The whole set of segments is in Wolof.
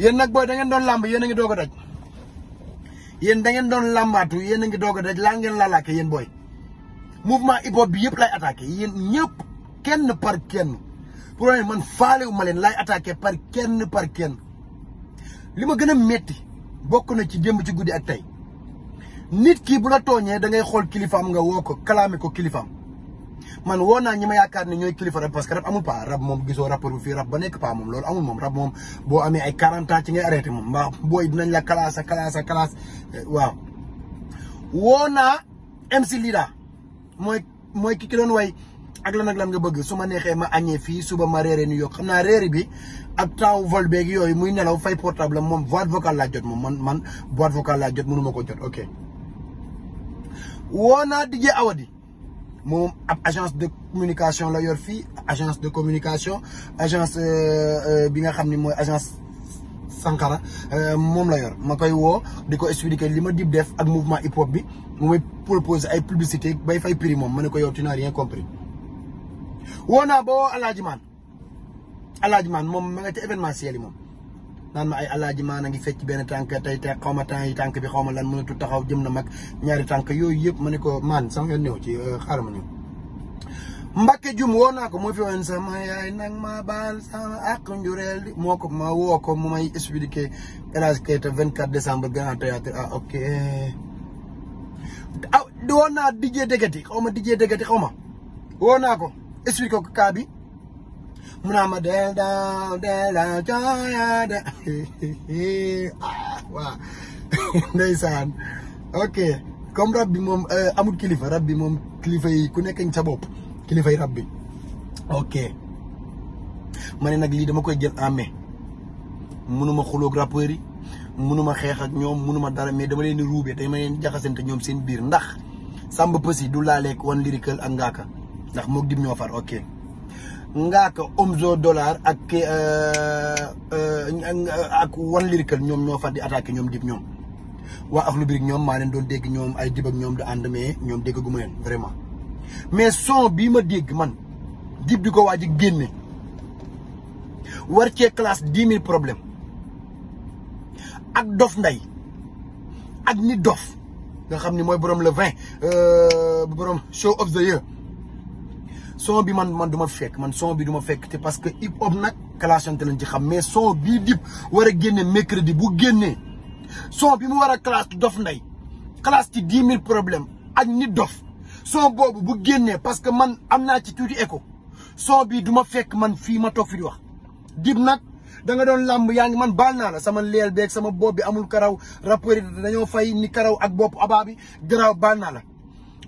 yéen nag booy da ngeen doon làmb yéen ngi doog a daj yéen doon làmbaatu yéen a ngi doog a daj laa ngeen laalaake yéen booy mouvement hip hop bi yëpp lay attaqué yéen ñëpp kenn par kenn pour ne man faalewu ma leen lay attaqué par kenn par kenn li ma gën a metti bokk na ci démb ci guddi ak tey nit kii bu la tooñee da ngay xool kilifaam nga woo ko kalaame ko kilifaam man woo naa ñi ma yaakaar ne ñooy kilifa rab parce que rab amul pas rab moom gisoo rapport bi fii rab ba nekk pas moom loolu amul moom rab moom boo amee ay 40 ans ci ngay arrêté moom mbaa booy dinañ la classe classe classe eh, waaw woo naa MC Lida mooy mooy ki ki doon way ak lan ak lan nga bëgg su ma neexee ma añee fii suba ma réeree New York xam naa réeri bi ak temps vol beeg yooyu muy nelaw fay portable am moom boîte vocale laa jot moom man man boîte vocale laa jot mënu ma ko jot ok. woo naa DJ Awadi mon agence de communication la yorfi agence de communication agence euh, euh, bi nga xamni moy agence Sankara euh, moom la yor ma wo diko expliquer lima dib def ak mouvement hip hop bi moy propose proposer ay publicité bay fay prix moom ma ko yow tu n'as rien compris woo naa ba woo Alaaji Maan Alaaji Maan moom ma nga ci événementiel yi naan ma ay alaaji maan a ngi fecc benn tànk tey te xaw ma temps yi tànk bi xaw ma lan mënatu taxaw jëm na mag ñaari tànk yooyu yëpp ma ne ko maan sama yoon néew ci euh, xaaral ma woo naa ko moo fi woon sama yaay nag ma baal sama ak njureel moo ko ma woo ko mu may expliqué El Hadj Keita 24 bi Grand Théâtre ah ok ah woo naa dijjee dëggati xaw ma dijjee dëggati xaw ma woo naa ko expliqué ko cas mu naa ma del daaw dela cooya de waaw ndeysaan ok comme rab bi moom euh, amul kilifa rab bi moom kilifa yi ku nekk sa bopp kilifa yi bi ok ma ne nag lii dama koy jël en main mënuma xuloog rappeurs yi mënuma xeex ak ñoom mënuma dara mais dama leen di ruubee dama leen di jaxasante ñoom seen biir ndax Samba Peuzzi du laaleeg One Lyrical ak ndax moog dib ñoo far ok Ngaaka Omzo Dollar ak euh, euh, euh, ak One Lyrical ñoom ñoo fa di attaqué ñoom dib ñoom waa Akhlou Brick ñoom maa leen doon dégg ñoom ay dib ñoom da ànd mais ñoom déggaguma leen vraiment mais son bii ma dégg man dib di ko waaj a génne classe dix mille problème ak dof nday ak nit dof nga xam ni mooy borom le vingt borom show of the year son bi man man duma fekk man son bi duma fekk te parce que hip hop nak clashante lañ ci xam mais son bi dip wara génné mercredi bu génné son bi mu wara a clash dof nday clash ci 10000 problème ak nit dof son bobu bu génné parce que man amna ci tuti écho son bi duma fekk man fi ma tok fi di wax dip nak da nga don lamb yaangi man balna la sama leel bek sama bobu amul karaw rappeur yi fay ni karaw ak ababi ababi graw balna la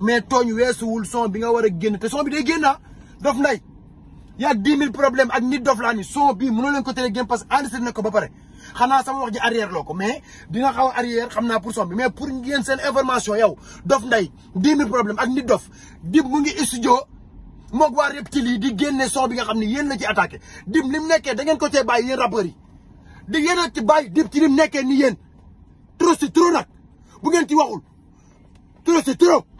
mais tooñ weesuwul son bi nga war a génn te son bi day génn ah. Dof Nday yaa dix mille problème ak nit dof laa ni son bii mënoo leen ko tere génn parce que enregistré na ko ba pare xanaa sama wax ji arrière loo ko mais dina xaw a arrière xam naa pour son bi mais pour ngeen seen information yow Dof Nday dix mille problème ak nit dof dib mu ngi studio moog waa reptile yi di génne son bi nga xam ni yéen la ci attaqué dib ni mu nekkee da ngeen ko cee bàyyi yéen rappeurs yi di yéen a ci bàyyi dib ci ni nekkee ni yéen trop c'est trop bu ngeen ci waxul trop c'est